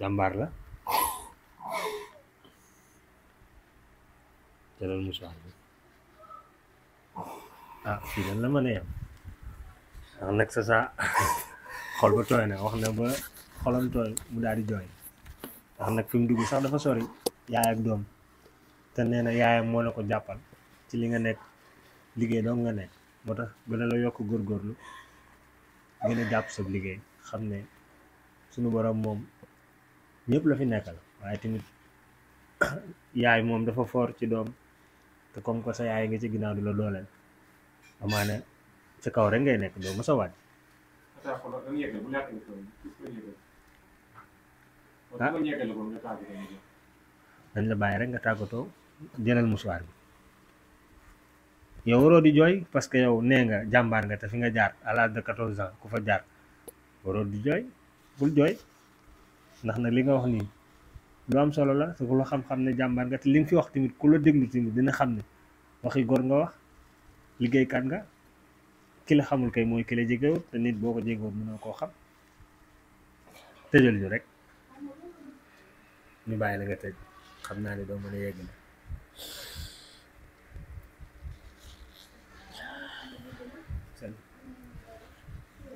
jàmbaar la jëlal musuwaar bi ah fii lan la mën a yem ndax ah, nag sa saa xol ba tooy na wax na ba xolam tooy mu daal di jooy ndax ah, nag fi mu dugg sax dafa sori yaay ak doom te nee na yaayam moo la ko jàppal ci li nga nekk liggéey dong nga nekk moo tax gën a la yokk góorlu gën a jàpp sa liggéey xam ne sunu borom moom ñépp la fi nekkal waaye tamit yaay moom dafa foor ci doom te comme que sa yaay ngi ci ginnaaw du la dooleel amaana si kaw rek ngay nekk doo mës a wàcc ah. dañ la bàyyi rek nga tàggatoo jëlal musuwaar bi yow waroo di jooy parce que yow nee nga jàmbaar nga te fi nga jaar à l'âge de quatorze ans ku fa jaar waroo di jooy bul jooy ndax nag li nga wax nii lu am solo la su ko loo xam-xam ne jàmbaar nga te li nga fi wax tamit ku la déglu tamit dina xam ne waxi góor nga wax liggéeykat nga ki la xamul kay mooy ki la jegewul te nit boo ko jegewul mënoo koo xam tëjal ñu rek ñu bàyyi la xam naa ne doo a yegg na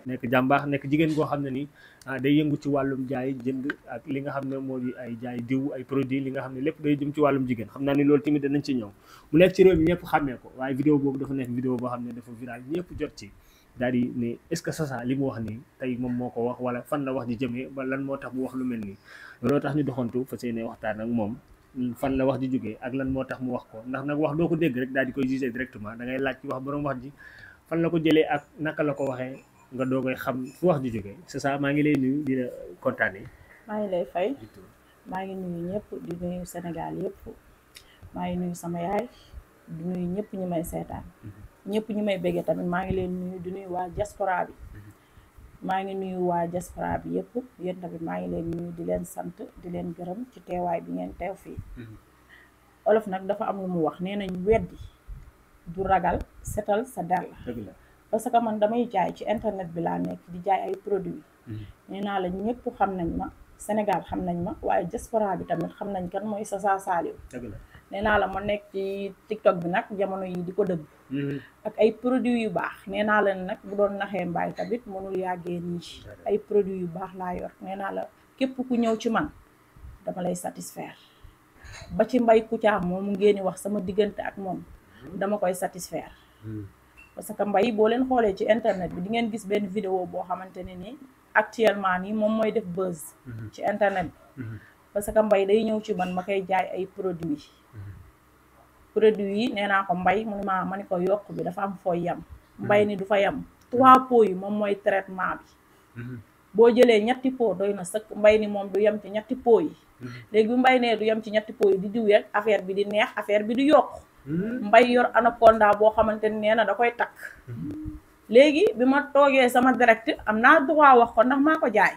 nekk jàmbaax nekk jigéen koo xam ne nii Ah, day yëngu ci wàllum jaay jënd ak li nga xam ne moo di ay jaay diw ay produit li nga xam ne lépp day jëm ci wàllum jigéen xam naa ni loolu tamit danañ ci ñëw mu nekk ci réew mi ñëpp xàmmee ko waaye vidéo boobu dafa nekk vidéo boo xam ne dafa viral ñëpp jot ci daal di ne est-ce que Sasa li mu wax nii tey moom moo ko wax wala fan la wax ji jëmee ba lan moo tax mu wax lu mel nii looloo tax ñu doxantu fas yéene waxtaan ak moom fan la wax ji jógee ak lan moo tax mu wax ko ndax nag wax doo ko dégg rek daal di koy jugé directement da laaj ci wax borom wax ji fan la ko jëlee ak naka la ko waxee nga dogay xam fu wax di joge c'est ça ma ngi lay nuyu di la kontaane maa ngi lay fay gitu. ma ngi nuyu ñepp di nuyu Sénégal yépp ma ngi nuyu sama yaay di nuyu ñepp ñi may sétan mhm. ñepp ñi may béggee tamit ma ngi lay nuyu di nuyu wa diaspora bi mhm. ma ngi nuyu wa diaspora bi yépp yeen tamit ma ngi lay nuyu di len sante di len gërëm ci téway bi ngeen téw fi mhm. olof nak dafa am lu mu wax nee nañ weddi du ragal sétal sa dal parce que man damay jaay ci internet bi laa nekk di jaay ay produits. Hmm. nee naa la ñëpp xam nañ ma Sénégal xam nañ ma waaye diaspora bi tamit xam nañ kan mooy Sasa Saliou. nee naa la ma nekk ci TikTok bi nag jamono yi di ko dëgg. Hmm. ak ay produits yu baax nee naa la nag bu doon naxee mbaay tamit mënul yàggee nii. ay produits yu baax laa yor nee naa la képp ku ñëw ci man dama lay satisfaire. ba ci ku Mbaye am moom ngeen di wax sama diggante ak moom. Hmm. dama koy satisfaire. parce que mbay bo len xolé ci internet bi di ngeen gis ben vidéo bo xamanteni ni actuellement ni mom moy def buzz mhm. ci internet mhm. parce que mbay day ñew ci man ma kay jaay ay produits mhm. produit yi ko mbay mu ma mané ko yok bi dafa am fo yam mbay ni du fa yam trois pots yi moom mooy traitement bi bo jëlé ñetti pot doy na mbay ni mom du yam ci ñetti pot yi légui mbay né du yam ci ñetti pot yi di diw affaire bi di neex affaire bi mbay yor anaconda boo xamante ni nee na da koy takk léegi bi ma toogee sama direct am naa droit wax ko ndax maa ko jaay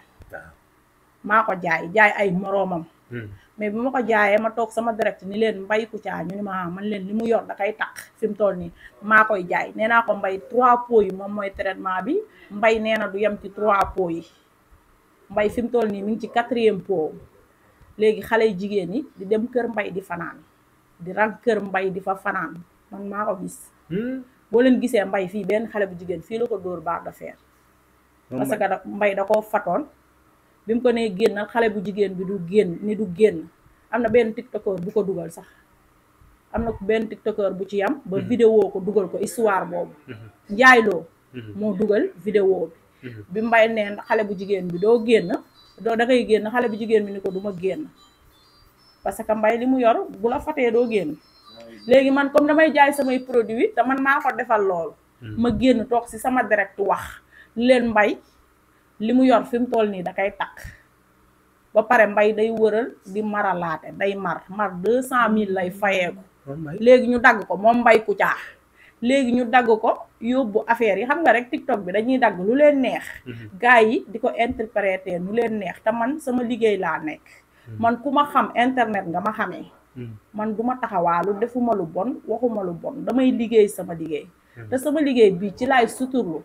maa ko jaay jaay ay moroomam hmm. mais bi ma ko jaayee ma toog sama direct ni leen mbay ku caa ñu ni ma ah, man leen li mu yor da koy takk fi mu toll nii maa koy jaay nee naa ko mbay trois po yi moom mooy traitement bi mbay nee na du yem ci trois pots yi mbay fi mu toll nii mi ngi ci quatrième po léegi xale jigéen yi di dem kër mbay di fanaan di ran kër mbay di fa fanaan man mako gis gis hmm? bo len gisee mbay fi ben xale bu jigen fi lako door ba da fer parce que da mbay da ko fatoon bim ko nee genn xale bu jigen bi du genn ni du genn am na tiktoker bu ko duggal sax am na benn tiktoker bu ci yam ba mhm. vidéo ko duggal ko histoire boobu mhm. njaayloo mo mhm. duggal vidéo bi bi mbay neen xale bu jigen bi doo genn doo da ngay genn xale bu jigen mi ni ko duma genn parce que mbay limu yor bu la faté do génn légui man comme damay jaay samay produit te man mako defal hmm. ma génn tok ci sama direct wax len mbay limu yor fim mu toll nii da kay tak ba paré mbay day wëral di maralaté day mar mar 200000 lay fayé ko légui ñu dag ko mom mbay ku caax légui ñu dag ko yobbu affaire yi xam nga rek tiktok bi dañuy dag lu len neex hmm. gaay yi di ko interpréter lu len neex ta man sama liggéey la nek Mm-hmm. man kuma xam internet nga ma xamé mm-hmm. man duma taxawalu defuma lu bon waxuma lu bon damay liggéey sama liggéey mm-hmm. te sama liggéey bi ci lay suturlu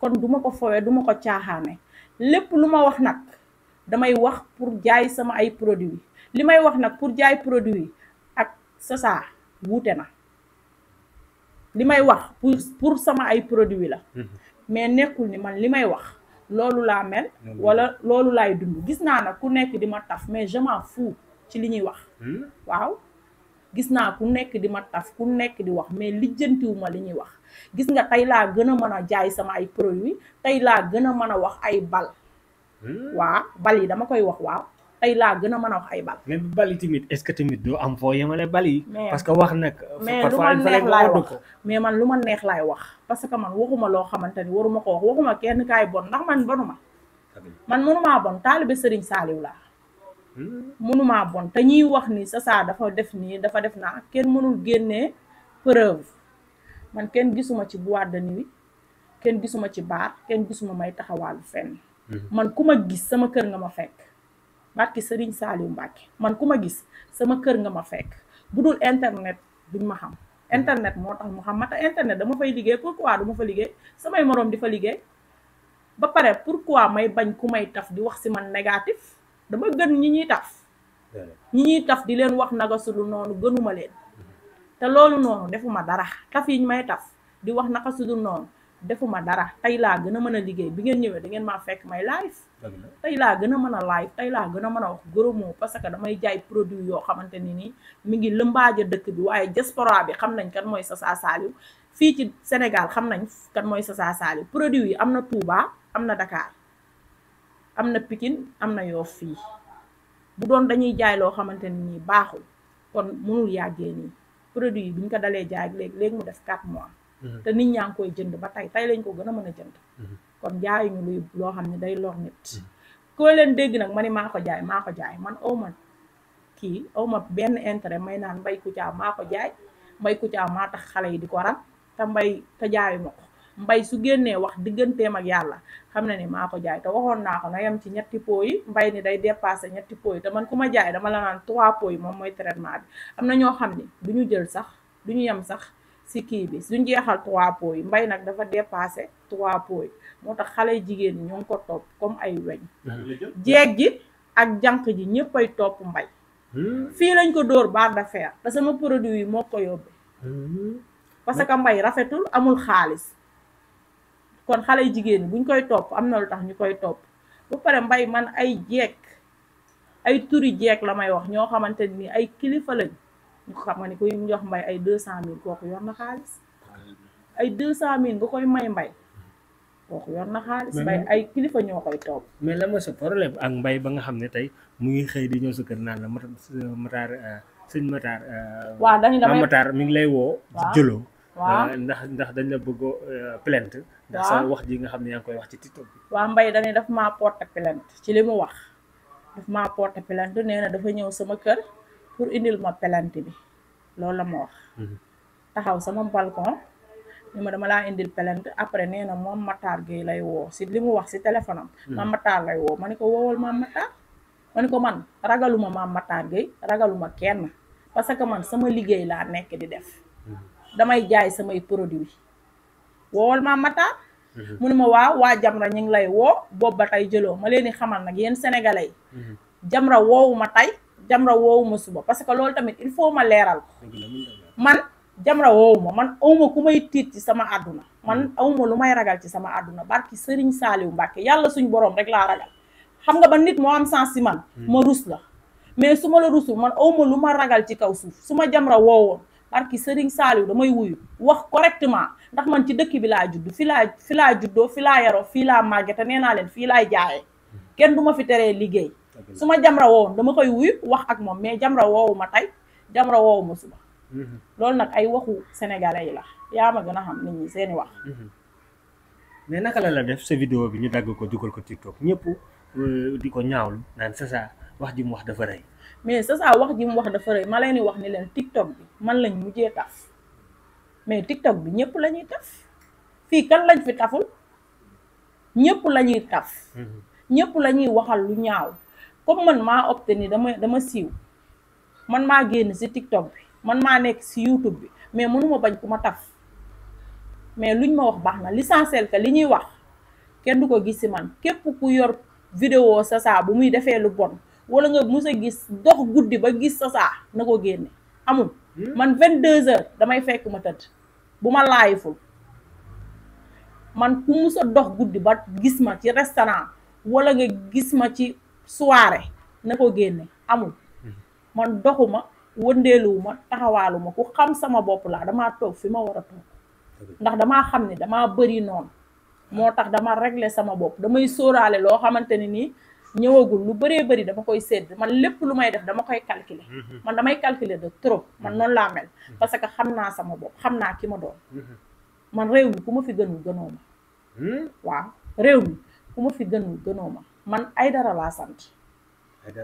kon duma ko fowé duma ko caaxaane lepp luma wax nak damay wax pour jaay sama ay produit limay wax nak pour jaay produit ak sasa wouté na limay wax pour sama ay produit la mais nekul ni man limay wax loolu laa mel mm. wala loolu laay dund gis naa nag ku nekk di ma taf mais je m'en ci li ñuy wax mm. waaw gis naa ku nekk di ma taf ku nekk di wax mais lijjantiwuma li ñuy wax gis nga tey laa gën a mën a jaay sama ay produits tey laa gën a mën a wax ay bal mm. waa bal yi dama koy wax waaw ay la gëna mëna wax ay bal. mais bali timit est ce que timit do am foo yemale bali. parce que wax nak, parfois lu ma neex laay wax mais man luma neex lay wax. parce que man waxuma lo xamanteni waruma ko wax waxuma kenn kay bon ndax man banuma man mënuma bon talibé serigne saliw la hmm. mënuma bon te ñi wax ni sa sa dafa def ni dafa def na kenn mënul génné preuve man kenn gisuma ci boîte de nuit kenn gisuma ci bar kenn gisuma may taxawal fenn. Hmm. man ku gis sama kër nga ma fekk barki Serigne salim Mbacké man kuma gis sama kër nga ma fekk budul internet buñ ma xam internet moo tax mu xam mata internet dama fay liggé pourquoi du ma fa liggé samay morom di liggé ba paré pourquoi may bañ kumay taf di wax ci man négatif dama gën ñi ñi taf ñi ñi taf di leen wax naga sulu nonu gënuma leen té lolu nonu defuma dara taf yi may taf di wax naka sulu nonu defuma dara tay la gëna mëna mën liggéey bi ngeen ñëwé da ngeen ma fekk may live tay la gëna mëna live tay la gëna mëna wax gros mot parce que damay jaay produit yo xamanteni ni mi ngi lembaaje dëkk bi waye diaspora bi xam nañ kan moy Sasa saliw fi ci Sénégal xam nañ kan moy Sasa saliw produit yi amna Touba amna Dakar amna na Pikine am na Yoff bu doon dañuy jaay lo xamanteni ni baaxul kon mënul yàggee nii produit yi bi ñu ko dalé jaay léegi léegi mu def 4 mois Mhm. te nit ñaa ngi koy jënd ba tey tey lañ ko gën a mën a jënd mhm. kon jaayuñu luy loo xam ne day lor nit mhm. koo leen dégg nag ma ni maa ko jaay maa ko jaay man aw ma kii aw ma benn intérêt may naan mbay Kouthia maa ko jaay mbay Kouthia maa tax xale yi di ko ran te mbay te jaayu ma ko mbay su génnee wax digganteem ak yàlla xam na ni maa ko jaay te waxoon naa ko na yem ci ñetti po yi mbay ni day dépassé ñetti po yi te man ku ma jaay dama la naan trois po yi moom mooy traitement bi am na ñoo xam ne du ñu jël sax du ñu yem sax si kii bi suñ jeexal trois pots yi mbay nag dafa dépassé trois pots yi moo tax xale jigéen ñoo ko topp comme ay weñ jeeg ji ak jànq ji ñëpp ay topp mbay fii lañ ko dóor baax de fer te sama produit yi moo ko yóbbe parce que mbay rafetul amul xaalis kon xale jigéen buñ koy topp am na lu tax ñu koy topp bu pare mbay man ay jeeg ay turi jeeg la may wax ñoo xamante ni ay kilifa lañ xam nga ni kuy jox mbay ay 200000 cent yor na xaliss ay 200000 cent koy may mbay kooku yor na xaliss bay ay kilifa ñoo koy toog mais la ma ce problème ak mbay ba nga xam ne tey mu ngi xëy di ñëw su keur naan la seigne sëñ mataar wa dañ la mataar mi ngi lay wo jëlo ndax ndax eh, dañ la bëgg eh, plainte ndax sa wax ji nga xam ne yaa koy wax ci tiktok wa waaw mbay dañu daf ma porte plainte ci limu wax daf ma porte plainte neena dafa ñew sama keur pour indil ma pelante bi lolou la ma wax mhm. taxaw sama balcon ni ma dama la indil pelante après nee mom moom Matar Gueye lay wo ci limu wax si téléphone mhm. ma Matar lay wo maniko wowal ma ma man ragaluma ma Matar Gueye ragaluma kenn parce que man sama liguey la nek di def mhm. damay jaay sama produit wowal ma Matar mu ne wa waaw Jamra ñing lay wo bobba tay jëlo ma leni xamal nak yeen sénégalais Jamra wowuma tay Jamra woowu ma suba parce que loolu tamit il faut ma leeral man Jamra woowu man awma ku may tiit ci sama àdduna man mm. awma lu may ragal ci sama àdduna barki Serigne Saliou Mbacke yàlla suñu borom rek laa ragal xam nga ba nit moo am sens si man mm. ma rus la mais su ma la rusul man awma lu ma ragal ci kaw suuf su ma Jamra woowoon barki Serigne Saliou damay wuyu wax correctement ndax man ci dëkk bi laa judd fi laa fi laa juddoo fi laa yaroo fii laa màgge a nee naa leen fii laay jaayee mm. kenn du ma fi teree liggéey suma jamra wo dama koy wuy wax ak mom mais jamra wo ma tay jamra wo mo suba mhm. loolu nak ay waxu sénégalais yi la ya ma gëna xam nit ñi seeni wax mhm. mais naka la la def ce vidéo bi ñu dag ko duggal ko tiktok ñepp euh, diko ñaawlu naan Sasa wax ji mu wax dafa reuy mais Sasa wax ji mu wax dafa reuy ma leen di wax ni len tiktok bi man lañ mujjé taf mais tiktok bi ñepp lañuy ñuy taf fii kan lañ fi taful ñepp lañuy taf mhm. ñëpp waxal lu ñaaw comme man maa opté dama dama siiw man maa génn si TikTok bi man maa nekk si YouTube bi mais mënuma bañ ku ma taf mais luñ ma wax baax na l'essentiel que li ñuy wax kenn du ko gis si man képp ku yor vidéo sasaa bu muy defee lu bon wala nga mus gis dox guddi ba gis sasaa na ko génne amul hmm? man 22 heures damay fekk ma tëdd bu ma laayiful man ku mus dox guddi ba gis ma ci restaurant wala nga gis ma ci soirée na ko génne amul mm-hmm. man doxuma wëndeeluwuma taxawaaluma ku xam sama bopp laa damaa toog fi ma war a toog ndax damaa xam ni dama bëri noon moo tax dama régler sama bopp damay sóoraale loo xamante ni nii ñëwagul lu bëree bari dama koy sedd man lépp lu may def dama koy calculer mm-hmm. man damay calculer de trop man mm-hmm. noonu laa mel parce que xam naa sama bopp xam naa ki ma doon man réew mi ku ma fi gënul gënoo ma hmm? waaw réew mi ku ma fi gënul gënoo ma man ay dara laa sant. ay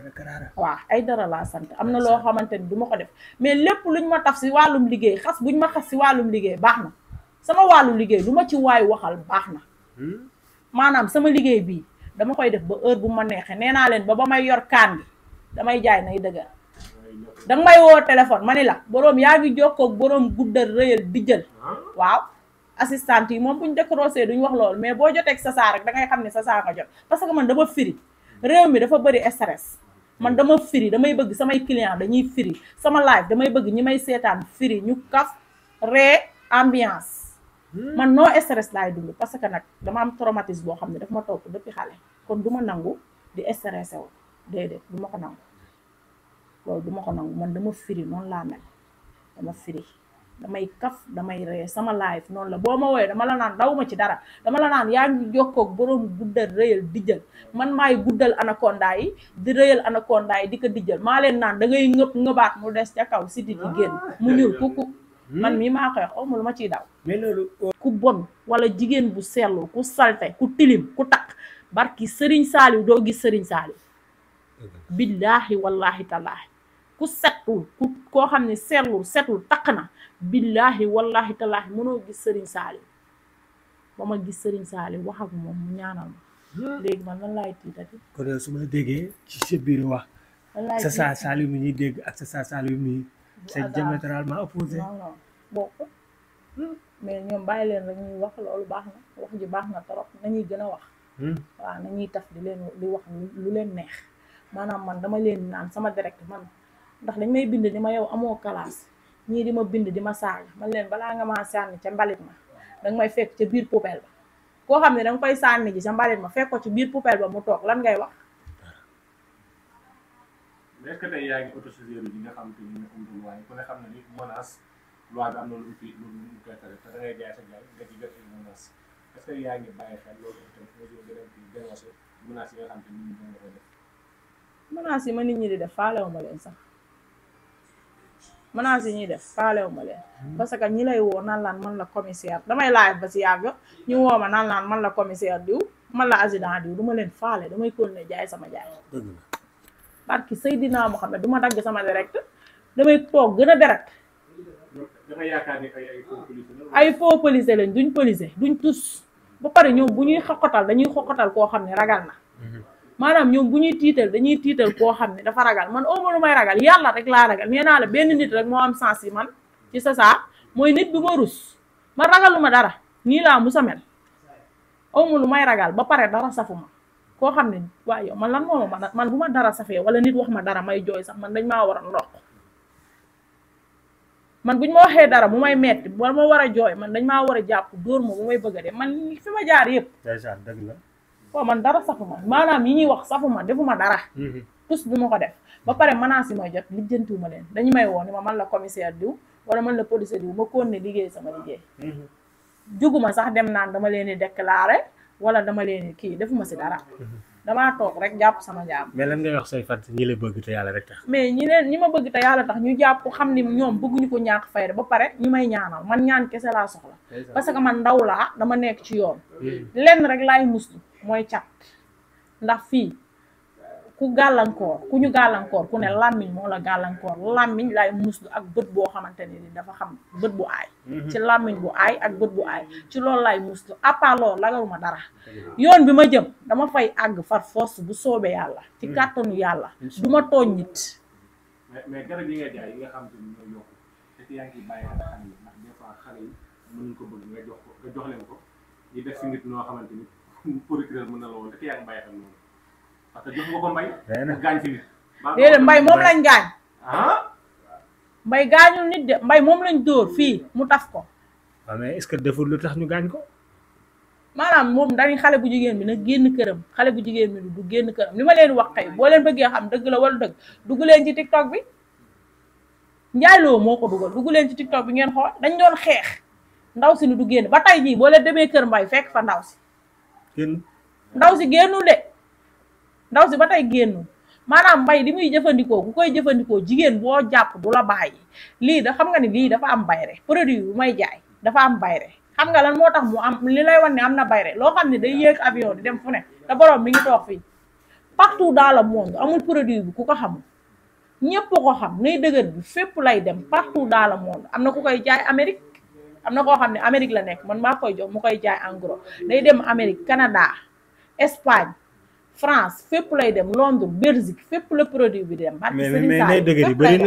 waaw ay dara laa sant am na loo xamante ni du ma ko def mais lépp luñ ma taf si wàllum liggéey xas buñ ma xas si wàllum liggéey baax na sama wàllu liggéey lu ma ci waay waxal baax na. Hmm? maanaam sama liggéey bii dama koy def ba heure bu ma neexee nee naa leen ba ba may yor kaan gi damay jaay nay dëgër. danga may woo téléphone ma ni la boroom yaa ngi jokkoo ak boroom guddal rëyal di jël ah. waaw. assistante yi mom bu ñu rosé duñ wax lool mais bo jotté sa saa rek da ngay xamné ne sa jot parce que man dama firi réew mi dafa bari stress man dama firi damay bëgg samay client dañuy firi sama live damay bëgg ñi may firi ñu kaf ré ambiance hmm. man no stress lay dund parce que nak dama am traumatisme bo xamné dafa ma top depuis xalé kon duma nangu di stressé wu dédé duma ko nangu lool duma ko nangu man dama firi non la mel dama firi damay kaf damay ree sama live noonu la boo ma woowee dama la naan daw ma ci dara dama la naan yaa ngi jokkoog boroom guddal rëyal dijjal man maay guddal anaconda di rëyal anaconda di ko dijjal maa leen naan dangay ngay ngëb ngëbaat mu des ca kaw si di génn mu ñuul ku hmm? man mii maa koy xaw ma ma ciy daw mais loolu oh. ku bon wala jigéen bu sellu ku salte ku tilim ku takk barki sëriñ saaliw doo gis sëriñ saaliw billaahi wallaahi tallaahi ku set setul ku koo xam ne seetlul setul takk na billaahi wallaahi tallaahi mënoo gis sëriñ Saaliw ba ma gis sëriñ Saaliw wax moom mu ñaanal ma léegi man lan laay tiitati kon yow su ma déggee ci sa biir wax sa saa Saaliw mi ñuy dégg ak sa saa Saaliw mi c'est diamétralement opposé non non mais ñoom bàyyi leen rek ñuy wax loolu baax na wax ji baax na trop nañuy gën a wax hmm. waaw nañuy taf di leen di wax lu leen neex maanaam man dama leen naan sama direct man ndax dañ may bind di ma yow amoo classe ñii di ma bind di ma saaga man leen balaa nga maa sànni ca mbalit ma danga may fekk ca biir poubelle ba koo xam ne danga koy sànni ji ca mbalit ma fekk ko ci biir poubelle ba mu toog lan ngay wax. est-ce que tey yaa ngi autosuffisance bi nga xam te mu fi a dénoncé ma nit ñi di def faalewu leen sax. menaces yi ñuy def faalewu ma leen parce que ñi lay woo naan laan man la commissaire damay laaj ba si yàgg ñu woo ma naan laan man la commissaire diw man la agent diw du ma leen faale damay ne jaay sama jaay barki Seydina Muhammad du ma dagg sama direct damay toog gën a direct ay faux policier lañ duñ policier duñ tus ba pare ñoom bu ñuy xoqatal dañuy xoqatal koo xam ne ragal na mhm. manam ñoom bu ñuy tiital dañuy tiital ko xam dafa ragal man o ma lu may ragal yalla rek la ragal la benn nit rek mo am sens yi man ci sa sa moy nit bi mo rus ma ragaluma dara ni la musa mel o ma lu may ragal ba pare dara safuma ko xam wa yo man lan moo ma man buma dara safé wala nit wax ma dara may joy sax man dañ ma war ndox man buñ mo waxé dara bu may metti wala ma wara joy man dañ ma wara japp door mo bu may bëgg dé man fi ma jaar dëgg la. waaw man dara safuma maanaam yi ñuy wax safuma defuma dara mhm. tous bu ma ko def ba pare menaces yi may jot lijjantiwuma leen dañu may woo ni ma man la commissaire diw wala man la policier diw ma koon ne liggéey sama liggéey mhm. juguma sax dem naan dama leen dekk di déclarer wala dama leen kii defuma si dara mhm. damaa toog rek jàpp sama jaam. mais lan ngay wax say fan ñi la bëgg te yàlla rek tax. mais ñi ñi ma bëgg te yàlla tax ñu jàpp xam ni ñoom bëgguñu ko ñàkk fayda ba pare ñu may ñaanal man ñaan kese laa soxla. parce que man ndaw laa dama nekk ci yoon. mooy cat ndax fii ku gàllankoor ku ñu gàllankoor ku ne làmmiñ moo la gàllankoor làmmiñ lay muslu ak bët boo xamante ne ni dafa xam bët bu aay mhm. ci làmmiñ bu aay ak bët ci loolu lay muslu à part loolu dara yoon bi ma jëm dama fay àgg far force bu soobee yàlla ci mhm. kàttanu yàlla du ma tooñ nit mais garab yi nga jaay nga xam te ñoo yokk ko bëgg nga jox ko nga jox leen ko ñu def si nit ñoo xamante ni procureur mën na la woon dëkk yaa ngi mbay xam noonu parce mbay. gaañ ci nit. déedéet mbay moom lañ gaañ. Ah? mbay gaañul nit de mbay moom lañ dóor fii mu taf ko. waaw ah, mais est-ce que deful lu tax ñu gaañ ko. maanaam moom dañuy xale bu jigéen bi nag génn këram xale bu jigéen bi du génn këram li ma leen wax tey boo leen bëggee xam dëgg la wala dëgg dugg leen ci tiktok bi njaayloo moo ko dugal dugg leen ci tiktok bi ngeen xool dañ doon xeex ndaw si ni du génn ba tey jii boo leen demee kër mbay fekk fa ndaw si ndaw si génnul de ndaw si ba tey génn maanaam mbay di muy jëfandikoo ku koy jëfandikoo jigéen boo jàpp du la bàyyi lii da xam nga ni lii dafa am bayre produit bu may jaay dafa am bayre xam nga la moo tax mu am li lay wan ne am na bayre loo xam ne day yéeg avion di dem fu ne te borom mi ngi toog fii partout dans le monde amul produit bi ku ko xamul ñëpp ko xam nay dëgër bi fépp lay dem partout dans le am na ku koy jaay Amérique amna ko xamne amerique la nek man ma koy jox mu koy jaay en gros day dem amerique Canada Espagne France fepp lay dem Londres Belgique fepp le produit bi dem. parce que mais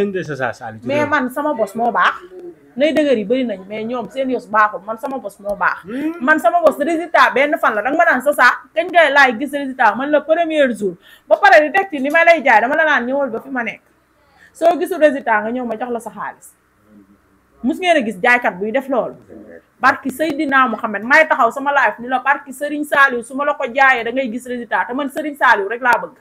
mais man sama boss mo bax nay dëgër yi bëri nañ mais ñom seen yoss baxul man sama boss mo bax hmm? man sama boss résultat ben fan la danga ma nan sa saa kañ ngay laay gis résultat man le premier jour ba paré di tek ni ma lay jaay dama la nan ñëwal ba fi ma nek so gisul résultat nga ñew ma jox la sa xaalis mus ngeena a gis jaaykat buy def lool barki sayidina muhammad may taxaw sama life ni la barki Serigne saliw suma ma la ko jaayee da ngay gis resultat man Serigne saliw rek la bëgg.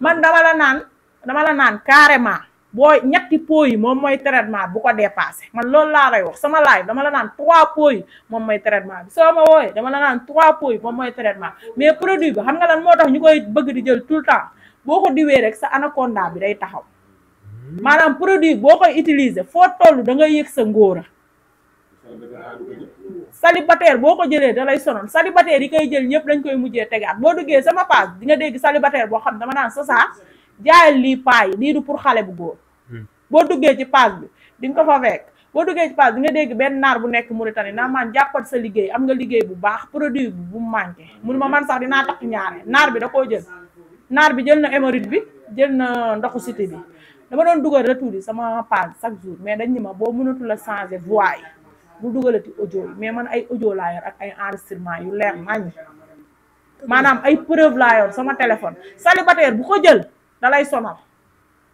man dama la nan dama la nan carrément boy ñetti poy mom moy traitement bu ko dépasser man lool la ray wax sama life dama la nan trois poy mom moy traitement so ma woy dama la nan trois poy mom moy traitement mais produit bi xam nga lan motax ñukoy bëgg di jël tout temps boko diwé rek sa anaconda bi day taxaw. maanaam produit boo koy utiliser foo toll da ngay yëg sa ngóora célibataire boo ko jëlee da lay sonal célibataire yi koy jël ñëpp lañ koy mujjee tegaat boo duggee sama page di nga dégg célibataire boo xam dama naan sa saa jaayal lii paa lii du pour xale bu góor hmm. boo duggee ci page bi di nga ko fa fekk boo duggee ci page nga dégg benn naar bu nekk mu Mauritanie naa man jàppat sa liggéey am nga liggéey bu baax produit bi bu mu manqué mun ma man sax dinaa takk ñaare naar bi da koo jël naar bi jël na hémorroïde bi jël na ndoxu cité dama doon dugal retour yi sama page chaque jour mais dañ ni ma boo mënatu la changé voix yi bu dugalati audio yi mais man ay audio laa yor ak ay enregistrement yu leer nañ maanaam ay preuve laa yor sama téléphone célibataire bu ko jël da lay sonal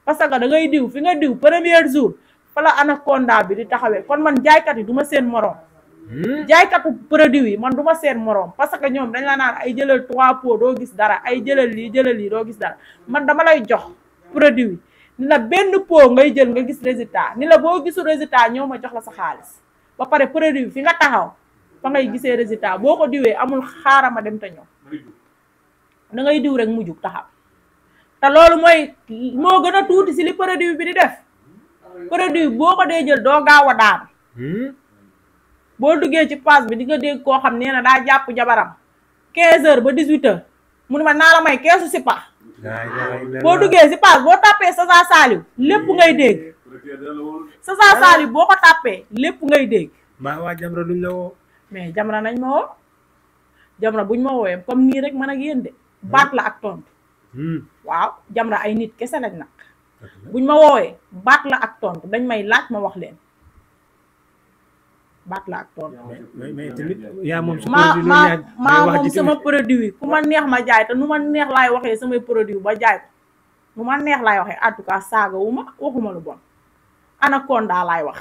parce que da ngay diw fi nga diw premier jour fa la anaconda bi di taxawee kon man jaaykat yi duma ma seen morom hmm? jaaykatu produit yi man duma ma seen morom parce que ñoom dañ la naan ay jëlal trois pots doo gis dara ay jëlal lii jëlal lii doo gis dara man dama lay jox produit ni la benn pot ngay jël nga gis résiltat ni la boo gisu résultat ñëw ma jox la sa xaalis ba pare produit bi fi nga taxaw fa ngay gisee résultat boo ko diwee amul xaaral ma dem te ñëw da ngay diw rek mu jug taxaw te loolu mooy moo gën a tuuti si li produit bi di def produit boo ko dee jël doo gaaw a daan hmm? boo duggee ci pass bi di nga dégg koo xam nee na daa jàpp jabaram 15 heures ba 18 heures mu ne ma naa la may keesu si pax boo duggee si page boo tàppee Sacha Saliou lépp ngay dégg Sacha Saliou boo ko tàppee lépp ngay dégg maa waa Jamra duñ la woo mais Jamra nañ ma woo Jamra buñ ma woowee comme nii rek man a yéen de baat la ak tontu waaw Jamra ay nit kese lañ nag buñ ma woowee baat la ak tontu dañ may laaj ma wax leen baat la ak moom maa maa moom sama produit ku ma neex ma jaay te nu ma neex laay waxee samay produit ba jaay ko nu ma neex laay waxee en tout cas saaga wu ma waxuma lu bon anaconda laay wax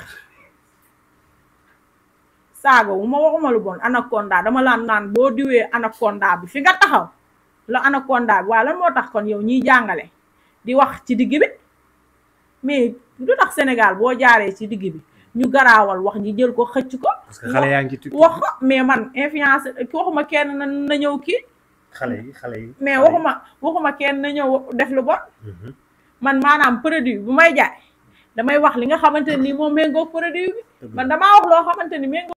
saaga ma waxuma lu bon anaconda dama laan naan boo diwee anaconda bi fi nga taxaw la anaconda bi waaye lan moo tax kon yow ñuy jàngale di wax ci digg bi mais lu tax Sénégal boo jaaree ci digg bi ñu garaawal wax ji jël ko xëcc ko. parce que xale yaa ngi ci wax ko mais man influence waxuma kenn na ñëw kii. xale yi xale yi. mais waxuma waxuma kenn na ñëw def lu bon. Mhm. man maanaam produit bu may jaay damay wax li nga xamante ni moom méngoo produit bi. man damaa wax loo xamante ni méngoo.